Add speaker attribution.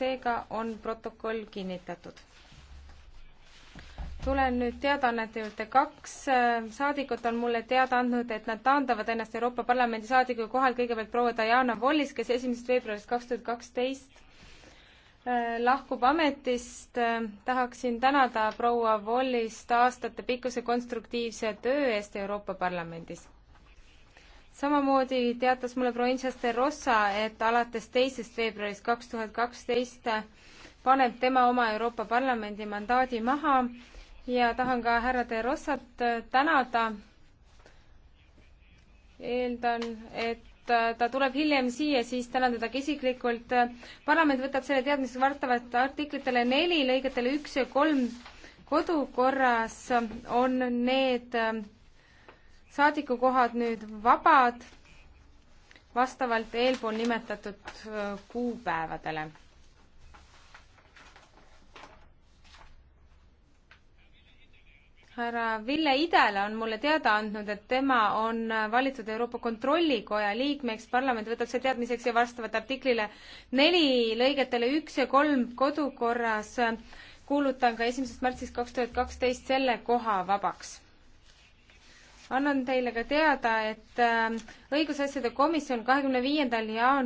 Speaker 1: seega on protokoll kinnitatud. tulen nüüd teadaannete juurde. kaks äh, saadikut on mulle teada andnud, et nad taandavad ennast Euroopa Parlamendi saadiku kohal. kõigepealt proua Diana Wallis, kes esimesest veebruarist kaks tuhat kaksteist äh, lahkub ametist. Äh, tahaksin tänada proua Wallist aastatepikkuse konstruktiivse töö eest Euroopa Parlamendis samamoodi teatas mulle Provincias de Rossa, et alates teisest veebruarist kaks tuhat kaksteist paneb tema oma Euroopa Parlamendi mandaadi maha ja tahan ka härra de Rossat äh, tänada. eeldan, et äh, ta tuleb hiljem siia, siis tänan teda ka isiklikult. parlament võtab selle teadmiseks vastavalt artiklitele neli, lõigetele üks ja kolm kodukorras on need äh, saadikukohad nüüd vabad vastavalt eelpool nimetatud kuupäevadele. härra Ville Idele on mulle teada andnud, et tema on valitud Euroopa Kontrollikoja liikmeks, parlament võtab see teadmiseks ja vastavalt artiklile neli lõigetele üks ja kolm kodukorras kuulutan ka esimesest märtsist kaks tuhat kaksteist selle koha vabaks annan teile ka teada, et äh, õigusasjade komisjon kahekümne viiendal jaanuaril